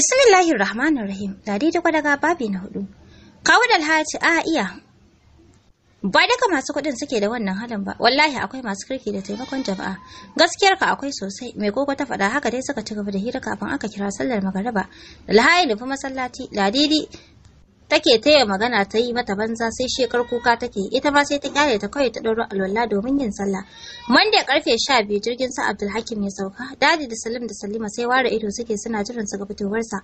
Bismillahir Rahmanir Rahim. Dadi da daga babi na hudu. Kawo da alhaji a iya. Ba daga masu kuɗin suke da wannan halin ba. Wallahi akwai masu kirki da taimakon jama'a. Gaskiyar ka akwai sosai. Mai gogo ta faɗa haka dai suka ci gaba da hira kafin aka kira sallar magariba. Alhaji nufi masallaci. Ladidi take taya magana ta yi mata banza sai shekar kuka take ita ma sai ta kyale ta kawai ta ɗauro alwala domin yin sallah mande karfe sha biyu jirgin sa abdulhakim ya sauka dadi da salim da salima sai ware ido suke suna jiran su ga fitowarsa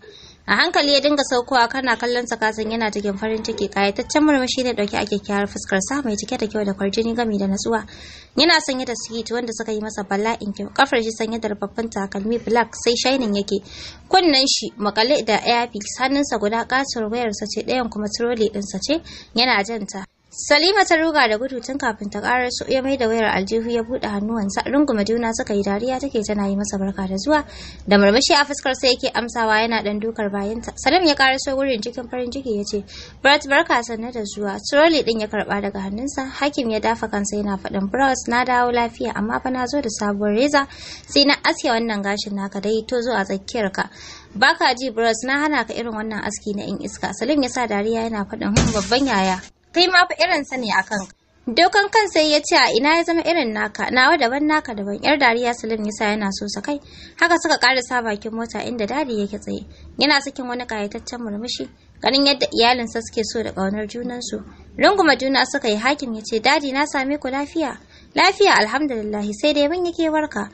a hankali ya dinga saukowa kana kallon sa kasan yana cikin farin ciki kayataccen murmushi ne dauke a kyakkyawar fuskar sa mai cike da kyau da kwarjini gami da natsuwa yana sanye da sikiti wanda suka yi masa bala'in kyau kafar shi sanye da rufaffen takalmi black sai shainin yake kunnen shi makale da airpiece hannunsa guda kasar wayarsa ce ɗaya ɗayan kuma turoli ɗinsa ce yana janta Salima ta ruga da gudu tun kafin ta ƙara su ya maida wayar aljihu ya buɗe hannuwansa runguma juna suka yi dariya take tana yi masa barka da zuwa da murmushi a fuskar sa yake amsawa yana dan dukar bayanta Salim ya ƙara so gurin cikin farin ciki ya ce Brett barka sanne da zuwa Trolley din ya karba daga hannunsa Hakim ya dafa kansa yana faɗin Bros na dawo lafiya amma fa na zo da sabuwar reza sai na aske wannan gashin naka dai to zo a tsakiyar ka baka ji Bros na hana ka irin wannan aski na in iska Salim ya sa dariya yana faɗin hmm, babban yaya kai ma fa irinsa ne a kanka Dokan kan sai ya ce a ina ya zama irin naka, nawa daban naka daban, yar dariya Salim yasa yana so sa kai. Haka suka sa bakin mota inda dadi yake tsaye. Yana sakin wani kayataccen murmushi, ganin yadda iyalinsa suke so da ƙaunar junansu. Runguma juna suka yi hakim ya ce, Dadi na same ku lafiya. Lafiya alhamdulillah sai dai ban yake warka.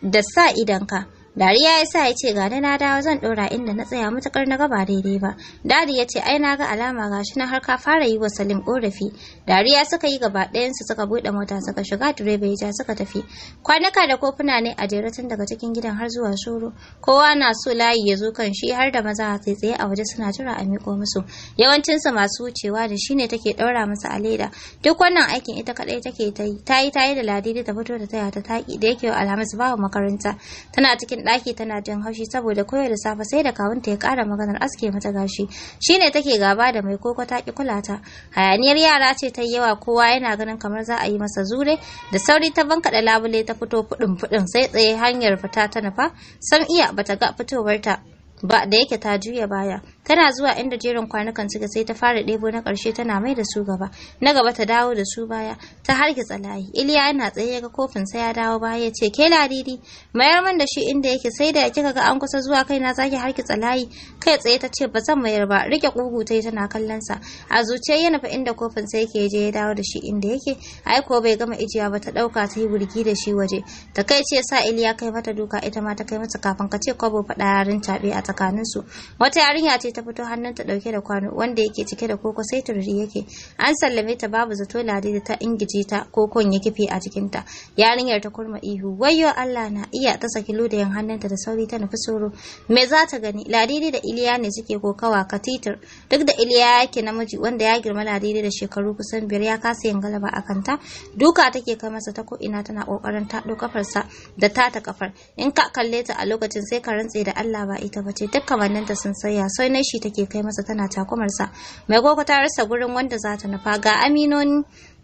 Da sa idanka. Dariya ya sa ya ce ga na dawo zan ɗora inda na tsaya matuƙar na gaba daidai ba. Dadi ya ce ai na ga alama ga shi na har ka fara yi wa Salim ƙorafi. Dariya suka yi gaba ɗayansu suka buɗe mota suka shiga direba ya ja suka tafi. Kwanuka da kofuna ne a jere tun daga cikin gidan har zuwa shuru. Kowa na so layi ya zo kan shi har da maza a tsaye a waje suna jira a miƙo musu. Yawancinsu masu wucewa da shi ne take ɗaura musu a leda. Duk wannan aikin ita kaɗai take ta yi. Ta yi ta yi da ladidi ta fito da taya ta taƙi da yake wa Alhamis babu makaranta. Tana cikin ɗaki tana jin haushi saboda koyo da safe sai da kawunta ya kara maganar aske mata gashi shine take gaba da mai koko ta ki kula ta hayaniyar yara ce ta yawa kowa yana ganin kamar za a yi masa zure da sauri ta da labule ta fito fudin fudin sai tsaye hanyar fita ta nufa san iya bata ga fitowarta ba da yake ta juya baya tana zuwa inda jerin kwanukan suka sai ta fara ɗebo na ƙarshe tana mai da su gaba na gaba ta dawo da su baya ta hargitsa layi iliya yana tsaye ya ga kofin sai ya dawo baya ya ce ke ladidi mayar man da shi inda yake sai da kika ga an kusa zuwa kai na zaki hargitsa layi kai tsaye ta ce ba zan mayar ba rike kugu ta tana kallon sa a zuciya yana fa inda kofin sai yake je ya dawo da shi inda yake ai ko bai gama ijiya ba ta ɗauka ta yi burgi da shi waje ta kai ce sa iliya kai mata duka ita ma ta kai mata kafin ka ce kwabo faɗa yarin tabe a tsakaninsu wata yarinya ce ta fito hannunta dauke da kwano wanda yake cike da koko sai tururi yake an sallame ta babu zato ladidi ta ingije ta kokon ya kife a ta yarinyar ta kurma ihu wayyo Allah na iya ta saki yan hannunta da sauri ta nufi soro me za ta gani ladidi da Iliya ne suke kokawa ka titir duk da Iliya yake namiji wanda ya girma ladidi da shekaru kusan biyar ya kasa yin galaba a kanta duka take kai masa ta ko'ina tana kokarin ta kafarsa da ta ta kafar in ka kalle ta a lokacin sai ka rantse da Allah ba ita bace duk ta sun saya sai na shi take kai masa tana takumarsa mai gogo ta rasa gurin wanda za ta nufa ga aminoni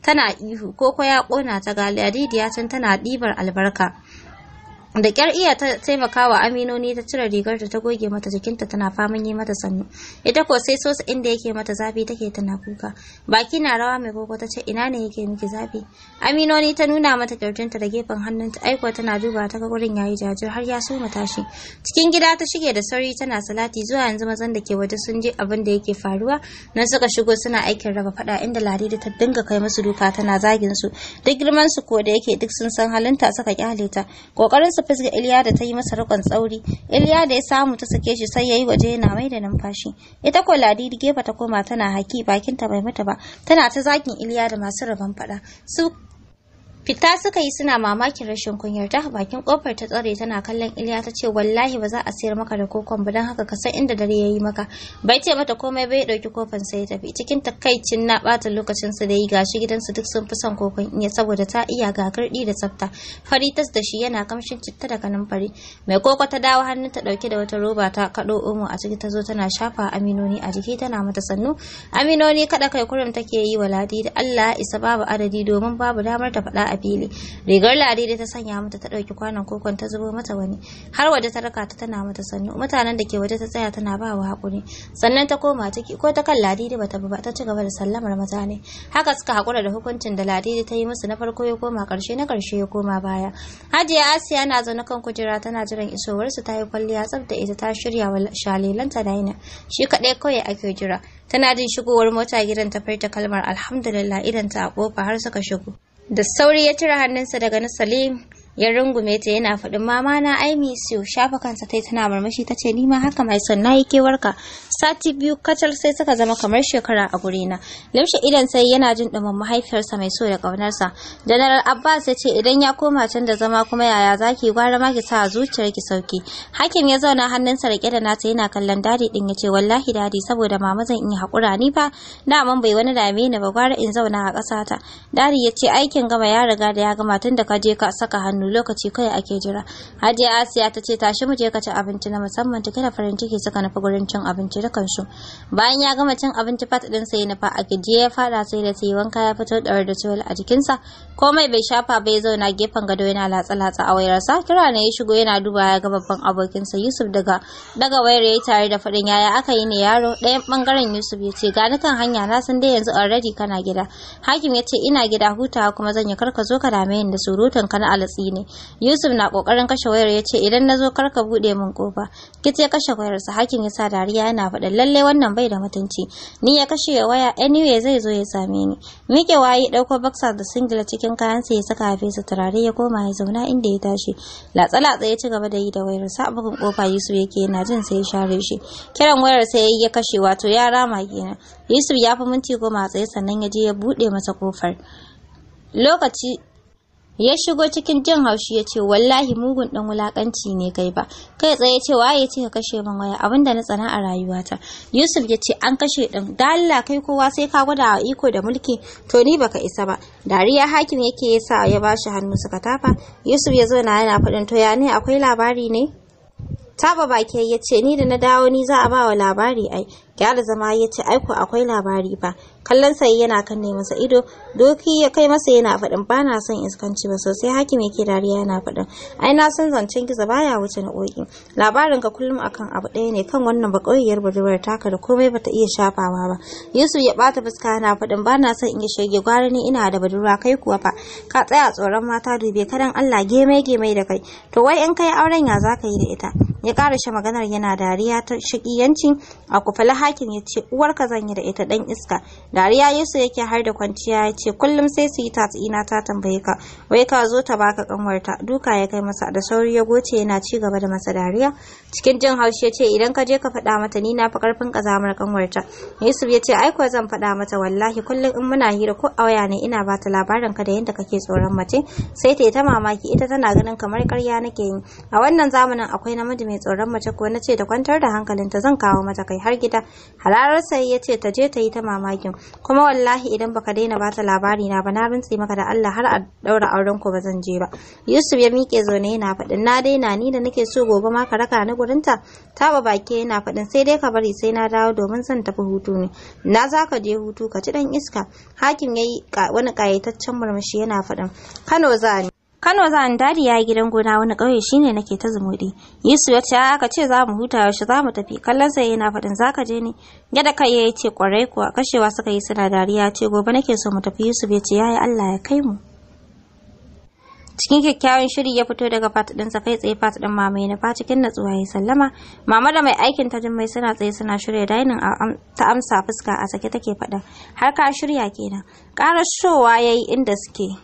tana ihu koko ya kona ta ga didiya tun tana ɗibar albarka da kyar iya ta taimaka wa aminoni ta cire rigar da ta goge mata jikinta tana faman yi mata sannu ita ko sai sosa inda yake mata zafi take tana kuka baki na rawa mai gogo ta ce ina ne yake miki zafi aminoni ta nuna mata kyautinta da gefen hannunta aiko tana duba ta ga gurin yayi jajir har ya soma tashi cikin gida ta shige da sauri tana salati zuwa yanzu mazan da ke waje sun je abin da yake faruwa nan suka shigo suna aikin raba fada inda da ta dinga kai musu duka tana zagin su duk girman su ko da yake duk sun san halinta suka kyale ta kokarin su fisga Iliya da ta yi masa rikon tsauri, Iliya da ya samu ta sake shi sai ya yi waje yana mai da numfashi. Ita ko Ladidi gefe ta koma tana haki bakinta bai mata ba, tana ta zakin Iliya da masu rabon faɗa. Su Fita suka yi suna mamakin rashin kunyarta bakin kofar ta tsare tana kallon Iliya ta ce wallahi ba za a sayar maka da kokon ba don haka ka san inda dare yayi maka. Bai ce mata komai bai ɗauki kofan sai ya tafi cikin takaicin na bata lokacin su da yi gashi gidansu duk sun fi son kokon iya saboda ta iya ga kardi da tsafta. Faritas da shi yana kamshin citta daga nan fari. Mai koko ta dawo hannun ta ɗauke da wata roba ta kaɗo omo a ciki ta zo tana shafa aminoni a jiki tana mata sannu. Aminoni kada kai kurum take yi wa ladi da Allah isa babu adadi domin babu damar ta faɗa a fili rigar ladidi ta sanya mata ta ɗauki kwanon kokon ta zubo mata wani har waje ta raka ta tana mata sannu mutanen da ke waje ta tsaya tana ba wa haƙuri sannan ta koma ciki ko ta kan ladidi bata ba ta ci gaba da sallamar mutane haka suka hakura da hukuncin da ladidi ta yi musu na farko ya koma ƙarshe na karshe ya koma baya hajiya asiya na zaune kan kujera tana jiran isowarsu ta yi kwalliya tsaf da ita ta shirya wa shalelanta daina shi kaɗai kawai ake jira tana jin shigowar mota gidan ta farta kalmar alhamdulillah idan ta a kofa har suka shigo Da sauri ya cire hannunsa daga na Salim ya rungume ta yana faɗin mama na ai shafa kansa tai tana murmushi ce ni ma haka mai son yi kewarka sati biyu kacal sai suka zama kamar shekara a guri na limshe idan sai yana jin dumin mahaifiyarsa mai so da kaunarsa. general abbas ya ce idan ya koma can da zama kuma yaya zaki gwara ma ki sa zuciyar ki sauki hakim ya zauna hannunsa rike da nata yana kallon dadi din ya ce wallahi dadi saboda mama zan iya hakura ni fa daman bai wani dame ni ba gwara in zauna a ta. dadi ya ce aikin gama ya riga da ya gama tun da ka je ka saka hannu lokaci kai ake jira hajiya asiya ta ce tashi mu je ka ci abinci na musamman take da farin ciki suka nufi gurin cin abinci harkan su bayan ya gama cin abinci fat din sai nufa a gijiye ya fada sai da sai wanka ya fito da da tuwal a jikin jikinsa komai bai shafa bai zauna gefen gado yana latsa latsa a wayarsa kira ne ya shigo yana duba ya ga babban abokinsa Yusuf daga daga wayar yayi tare da fadin yaya aka yi ne yaro ɗayan bangaren Yusuf ya ce gani kan hanya na san dai yanzu already kana gida hakim ya ce ina gida hutawa kuma zan yi karka zo ka dame ni da surutan ka na alatsi ne Yusuf na kokarin kashe wayar ya ce idan na zo karka bude min kofa kice kashe wayarsa hakim ya sa dariya yana faɗa lalle wannan bai da mutunci ni ya kashe waya anyway zai zo ya same ni mike waye ɗauko boxer da singila cikin kayansa ya saka haife su turare ya koma ya zauna inda ya tashi latsa-latsa ya ci gaba da yi da wayar sa bugun kofa yusuf yake yana jin sai ya share shi kiran wayar sa yayi ya kashe wato ya rama kenan yusuf ya fi minti goma a tsaye sannan ya je ya buɗe masa kofar lokaci ya shigo cikin jin haushi ya ce wallahi mugun dan wulakanci ne kai ba kai tsaye ce waye ya ce ka kashe min waya abinda na tsana a rayuwata yusuf ya ce an kashe din da Allah kai kowa sai ka gwada iko da mulki to ni baka isa ba dariya hakim yake yasa ya bashi hannu suka tafa yusuf ya zo na yana faɗin to ya ne akwai labari ne Taba baki ya ce ni da na dawo ni za a ba wa labari ai. Gyara zama ya ce aiko akwai labari ba. Kallon sai yana kan ne masa ido. Doki ya kai masa yana faɗin ba na son iskanci ba sosai hakim yake dariya yana faɗin. Ai na san zancen gizo baya wuce na ƙoƙi. Labarin ka kullum akan abu ɗaya ne kan wannan ba baƙoyiyar budurwar taka da komai bata iya shafawa ba. Yusuf ya bata fuska yana faɗin ba na son in yi shege gwara ni ina da budurwa kai kuwa fa. Ka tsaya tsoron mata dube kadan Allah geme geme da kai. To wai in kai auren ya za ka yi da ita. ya karashe maganar yana dariya ta shakiyancin a kufali hakin ya ce uwarka zan yi da ita dan iska dariya yesu yake har da kwanciya ya ce kullum sai su yi tatsina ta tambaye ka wai ka zo ta baka kanwarta duka ya kai masa da sauri ya goce yana ci gaba da masa dariya cikin jin haushi ya ce idan ka je ka faɗa mata ni na fi karfin kazamar kanwarta yusuf ya ce ai ko zan faɗa mata wallahi kullum in muna hira ko a waya ne ina ba ta labarin ka da yadda kake tsoron mace sai ta yi ta mamaki ita tana ganin kamar karya nake yi a wannan zamanin akwai namiji mai tsoron mace ko na ce ta kwantar da hankalinta zan kawo mata kai har gida halarar sai ya ce ta je ta yi ta mamakin kuma wallahi idan baka daina bata labari na ba na rintse maka da Allah har a daura auren ku ba zan je ba Yusuf ya mike zaune yana faɗin na daina ni da nake so gobe ma ka raka ni gurinta taɓa baki yana faɗin sai dai ka bari sai na dawo domin zan tafi hutu ne na za ka je hutu ka ci dan iska hakim yayi wani kayataccen murmushi yana faɗin Kano za Kano za ni dadi ya gidan gona wani ƙauye shine nake ta zumuri. Yusuf ya ce aka ce za mu huta yaushe za mu tafi kallon sai yana faɗin "Za ka je ne. Gada kai ya ce kwarai kuwa kashewa suka yi suna dariya ce gobe nake so mu tafi Yusuf ya ce yayi Allah ya kai mu. cikin kyakkyawan shiri ya fito daga fatidinsa kai tsaye fatidin mama ya nufa cikin natsuwa ya sallama mama da mai aikin ta mai suna tsaye suna shirya dainin ta amsa fuska a sake take faɗa har ka shirya kenan ƙarar showa ya yi inda suke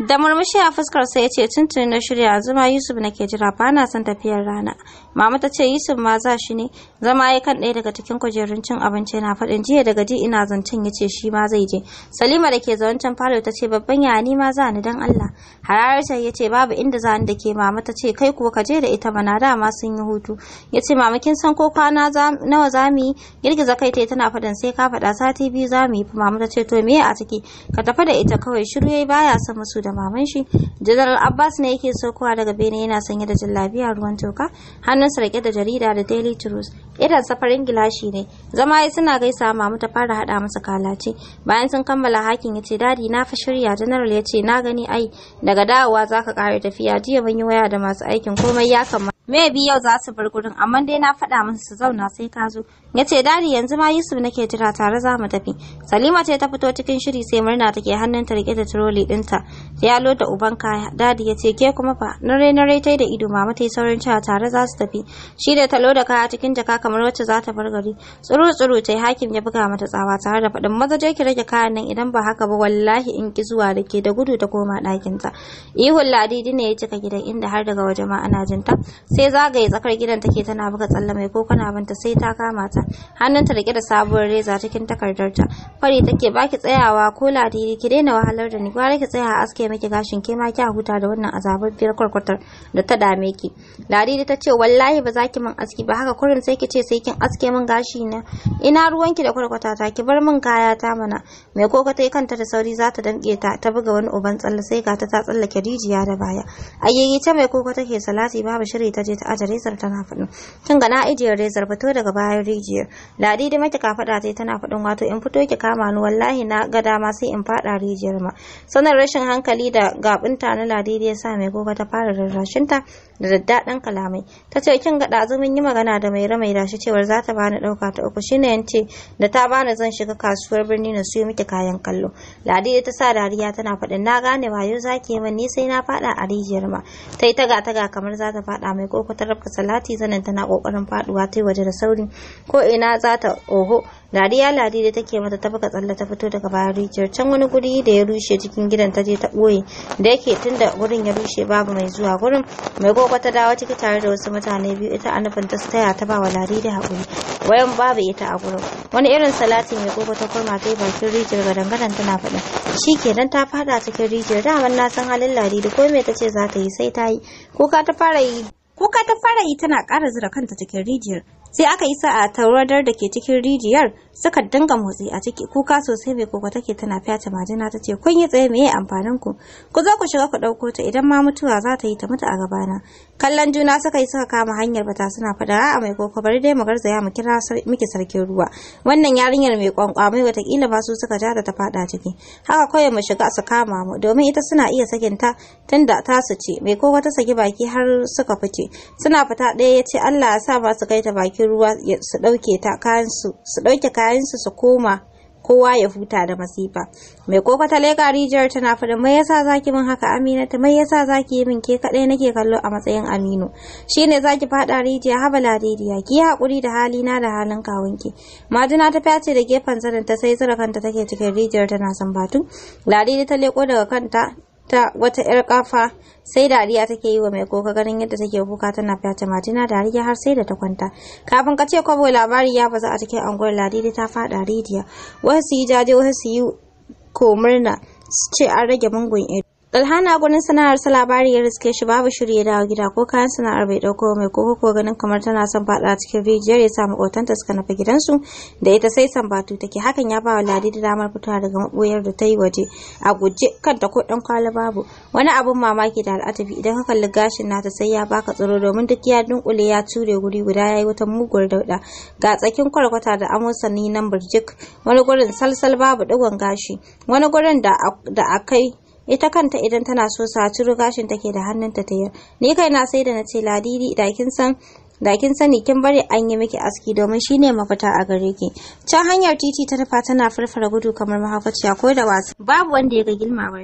da murmushi a fuskarsa ya ce tuntuni na shirya zuma yusuf na ke jira ba na son tafiyar rana mama ta ce yusuf ma za shi ne zama ya kan ɗaya daga cikin kujerun cin abinci na faɗin jiya daga ji ina zancen ya ce shi ma zai je salima da ke zaune can falo ta ce babban ya ni ma za ni dan allah hararta ya ce babu inda za ni da ke mama ta ce kai kuwa ka je da ita mana dama sun yi hutu ya ce mama kin san ko kwana nawa za mu yi girgiza kai ta tana faɗin sai ka faɗa sati biyu za mu yi mama ta ce to meye a ciki ka tafi da ita kawai shiru yi baya son musu da maman shi general abbas ne yake sokowa daga bene yana sanye da jallabiya ruwan toka hannu hannunsa rike da jarida da daily trust idan safarin gilashi ne zama ya suna gaisa mamu ta fara hada masa kalace bayan sun kammala hakin ya ce dadi na fa shirya general ya ce na gani ai daga dawowa ka kare tafiya jiya ban yi waya da masu aikin komai ya kamata. Maybe yau za su bar gurin amma dai na faɗa musu su zauna sai ka zo. Ya ce dadi yanzu ma Yusuf nake jira tare za mu tafi. Salima ce ta fito cikin shiri sai murna take hannunta rike da turoli ɗinta. Ta yalo da uban kaya. Dadi ya ce ke kuma fa nare nare tai da ido mama tai saurin cewa tare za su tafi. Shi da talo da kaya cikin jaka kamar wacce za ta bar gari. Tsuru tsuru tai hakim ya buga mata tsawa tare da faɗin maza je ki rage kayan nan idan ba haka ba wallahi in ki zuwa da ke da gudu ta koma ɗakinta. Ihun ladidi ne ya cika gidan inda har daga waje ma ana jinta. sai zagaye tsakar gidan take tana buga tsalle mai kokana banta sai ta kama ta hannunta rike da sabuwar reza cikin takardarta fari take baki tsayawa ko ladiri ki daina wahalar da ni gwara ki tsaya a aske miki gashin ke ma kya huta da wannan biyar kwarkwatar da ta dame ki ladiri ta ce wallahi ba za ki min aski ba haka kurin sai ki ce sai kin aske min gashi na ina ruwanki da kwarkwata ta ki bar min kaya ta mana mai ko ta kanta da sauri za ta danke ta ta buga wani uban tsalle sai ga ta tsallake rijiya da baya ayyayi ta mai koko take salati babu shiri ta waje ta aje rezar tana faɗin kin ga na ajiye rezar fito daga bayan rijiyar ladi da mata kafaɗa ta tana faɗin wato in fito ki kama ni wallahi na ga dama sai in faɗa rijiyar ma sanar rashin hankali da gabinta na ladi da ya sa mai gobe ta fara rarrashinta da daddaɗan kalamai ta ce kin ga ɗazu mun yi magana da mai ramai shi cewar za ta bani ɗauka ta uku shine yan ce da ta bani zan shiga kasuwar birni na siyo miki kayan kallo ladi ta sa dariya tana faɗin na gane wayo zaki min ni sai na faɗa a rijiyar ma ta yi taga taga kamar za ta faɗa mai koko ta rabka salati zanen tana ƙoƙarin faɗuwa ta yi waje da sauri ko ina za ta oho dariya ladi da take mata ta buga tsalle ta fito daga bayan rijiyar can wani guri da ya rushe cikin gidan ta je ta boye da yake tunda da gurin ya rushe babu mai zuwa gurin mai gogo ta dawo ciki tare da wasu mutane biyu ita a ta taya ta ba wa ladi da haƙuri wayan babu ita a gurin wani irin salati mai gogo ta kurma ta yi bakin rijiyar ga gadangadan tana faɗa shi kenan ta fada cikin rijiyar daman na san halin ladi da komai ta ce za ta yi sai ta yi kuka ta fara yi kuka ta fara yi tana kara zura kanta cikin rijiyar sai aka yi sa'a tauradar da ke cikin rijiyar suka dinga motsi a ciki kuka sosai mai koko take tana fyace majina ta ce kun yi tsaye meye amfanin ku ku zo ku shiga ku ɗauko ta idan ma mutuwa za ta yi ta mutu a gabana kallon juna suka yi suka kama hanyar bata suna faɗa a mai koko bari dai mu garzaya mu kira miki sarkin ruwa wannan yarinyar mai mai watakila ba su suka ja ta faɗa ciki haka kawai mu shiga su kama mu domin ita suna iya sakin ta tunda ta su ce mai koko ta saki baki har suka fice suna fita ɗaya ya ce Allah ya sa ba su kai ta baki cikin ruwa su ɗauke kayansu su ɗauke kayansu su koma kowa ya huta da masifa mai koko ta leka rijiyar tana faɗin mai yasa zaki min haka Amina? ta mai yasa zaki yi min ke kaɗai nake kallo a matsayin aminu Shi shine zaki faɗa rijiya habala rijiya ki haƙuri da halina da halin kawunki majina ta fyace da gefen zanin ta sai kanta take cikin rijiyar tana sambatu ladidi ta leko daga kanta ta wata 'yar kafa sai dariya take yi wa mai koka ganin yadda take kuka tana fata majina dariya har sai da ta kwanta kafin ka ce kwabo labari ya bazu a cikin unguwar, ladidi ta faɗa rediya wasu yi jaje wasu su yi komurna su ce an rage ido Ilhana gurin sana'ar sa labari ya riske shi babu shirye ya dawo gida ko kayan sana'ar bai dauko mai ko ko ganin kamar tana son fada cikin rijiyar ya sa ta suka nufi gidansu da ita sai sambatu take hakan ya ba wa ladi da damar fitowa daga maboyar da ta yi waje a guje kanta ko dan kwala babu wani abun mamaki da al'atabi idan ka kalli gashin nata sai ya baka tsoro domin duk ya dunkule ya ture guri guda yayi wata muguwar dauda ga tsakin kwarkwata da amosanni nan burjik wani gurin salsal babu digon gashi wani gurin da akai ita kanta idan tana so sa gashin take da hannunta ta yi ni kai na sai da na ce ladidi da kin san da kin sani kin bari an yi miki aski domin shine mafita a gare ki can hanyar titi ta tafa tana farfara gudu kamar mahaukaciya ko da wasu babu wanda ya ga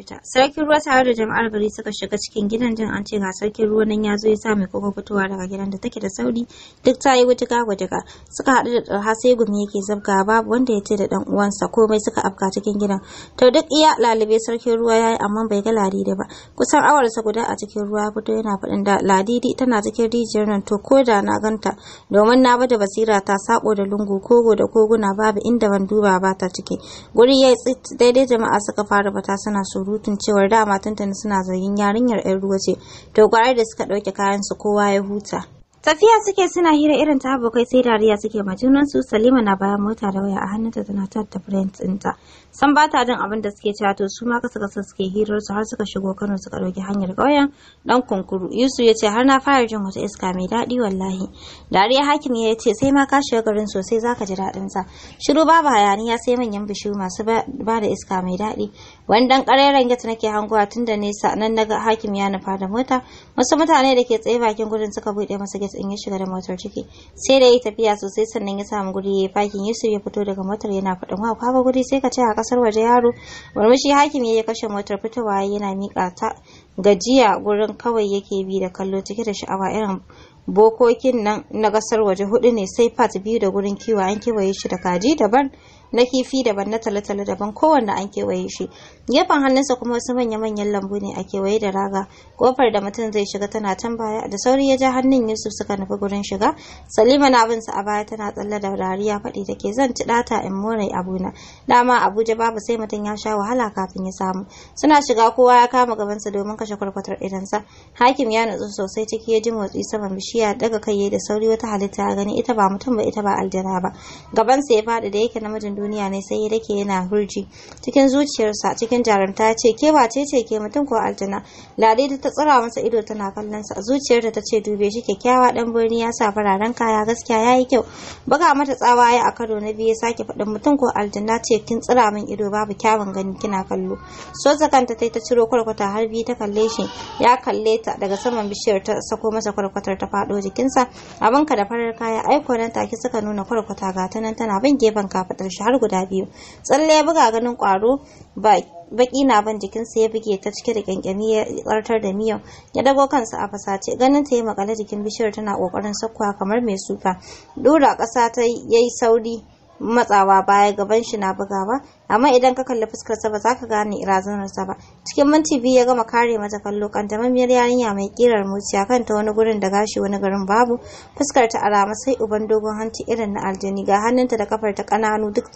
ta sarkin ruwa tare da jama'ar gari suka shiga cikin gidan jin an ce ga sarkin ruwa nan ya zo ya sa mai koko fitowa daga gidan da take da sauri duk ta yi wutuka gwajiga suka haɗu da ɗarha sai gumi yake zabga babu wanda ya ce da ɗan uwansa komai suka afka cikin gidan to duk iya lalube sarkin ruwa ya yi amma bai ga ladidi ba kusan awarsa guda a cikin ruwa fito yana faɗin da ladidi tana cikin rijiyar nan to ko da na ganta domin na bada basira ta sako da lungu kogo da koguna babu inda ban duba ba ta ciki guri ya daidai jama'a suka fara bata suna surutun cewar da matan suna zargin yarinyar 'yar ruwa ce to kwarai da suka dauke kayan su kowa ya huta Tafiya suke suna hira irin ta abokai sai dariya suke ma su Salima na bayan mota da waya a hannunta tana tatta friend ɗinta. San ba ta jin abin da suke cewa to su ma kasa kasa suke hirar su har suka shigo Kano suka ɗauki hanyar ƙauyen dan kunkuru. Yusuf ya ce har na fara jin wata iska mai daɗi wallahi. Dariya hakim ya ce sai ma ka shiga garin sosai zaka ji daɗin sa. Shiru babu hayaniya sai manyan bishiyu masu ba da iska mai daɗi. Wani dan ƙareren gata nake hangowa tun da nesa nan naga hakim ya nufa da mota. Wasu mutane da ke tsaye bakin gudun suka buɗe masa Hafiz in ya shiga da motar ciki sai da ya tafiya sosai sannan ya samu guri ya fakin Yusuf ya fito daga motar yana faɗin wa kwaba guri sai ka ce a kasar waje yaro murmushi hakim ya kashe motar fitowa yana miƙa ta gajiya gurin kawai yake bi da kallo cike da sha'awa irin bokokin nan na kasar waje hudu ne sai fat biyu da gurin kiwo an kewaye shi da kaji daban na kifi daban na talatala daban kowanne an kewaye shi gefen hannunsa kuma wasu manya-manyan lambu ne a kewaye da raga kofar da mutum zai shiga tana can baya da sauri ya ja hannun yusuf suka nufi gurin shiga salima na binsa a baya tana tsalle da rariya faɗi take zan ci ɗata in more abuna dama abuja babu sai mutum ya sha wahala kafin ya samu suna shiga kowa ya kama gabansa domin kashe kwarkwatar idansa hakim ya nutsu sosai ciki ya ji motsi saman bishiya daga kai da sauri wata halitta ya gani ita ba mutum ba ita ba aljana ba gabansa ya faɗi da yake namijin duniya ne sai ya dake yana hurji cikin zuciyarsa cikin cikin jarumta ya ce ke wace ce ke mutum ko aljana da ta tsira masa ido tana kallon sa zuciyarta ta ce dube shi kyakkyawa dan birni ya sa fararen kaya gaskiya yayi kyau buga mata tsawa ya a kado na biyu ya sake faɗin mutum ko aljina ce kin tsira min ido babu kyawun gani kina kallo soza ta tai ta ciro kwarkwata har biyu ta kalle shi ya kalle ta daga saman bishiyar ta sako masa kwarkwatar ta fado jikin sa jikinsa ka da farar kaya aiko ta take suka nuna kwarkwata gata nan tana bin gefen kafadar shi har guda biyu tsalle ya buga ganin kwaro ba baki na ban jikinsa ya buge ta cike da kyankyami ya tsartar da miyan ya dago kansa a fasace ganin ta yi makale jikin bishiyar tana kokarin sakwa kamar mai suka dora kasa ta yayi sauri matsawa baya gaban shi na bugawa amma idan ka kalli fuskar sa ba za ka gane razanarsa ba cikin minti biyu ya gama kare mata kallo mamiyar yarinya mai kirar muciya ta wani gurin da gashi wani garin babu fuskar ta arama sai uban dogon hanci irin na aljini ga hannunta da kafar ta kananu duk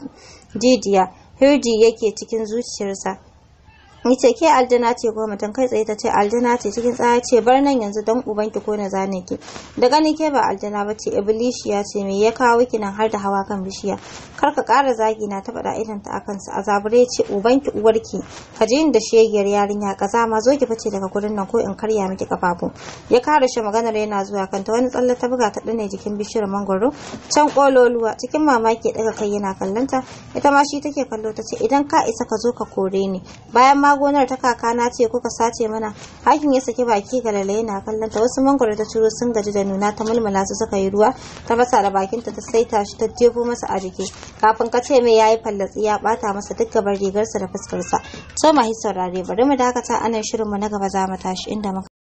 jijiya hirji yake cikin zuciyarsa ni ce ke aljana ce ko mutum kai tsaye ta ce aljana ce cikin tsaya ce bar nan yanzu don ubanki ko na zane ki da gani ke ba aljana ba ce iblishiya ce me ya kawo ki nan har da hawa kan bishiya kar ka kara zagi na ta faɗa idan ta akan sa azabure ce ubanki uwarki ka je da shegiyar yarinya kaza ma zo ki fice daga gurin nan ko in karya miki kafafu ya kare shi maganar yana zuwa kanta wani tsalle ta buga ta dane jikin bishiyar mangoro can kololuwa cikin mamaki daga kai yana kallanta ita ma shi take kallo ta ce idan ka isa ka zo ka kore ni bayan ma gonar ta kaka na ce kuka sace mana hakin ya saki baki ga lalai na kallon ta wasu mangwaro ta turo sun gaji da nuna ta mulmula su suka yi ruwa ta fasa da bakin ta ta saita shi ta jefo masa a jiki kafin ka ce mai yayi fallatsi ya bata masa duk gabar rigarsa da fuskarsa so hisar saurare bari mu dakata anan shirin mu na gaba za mu tashi inda muka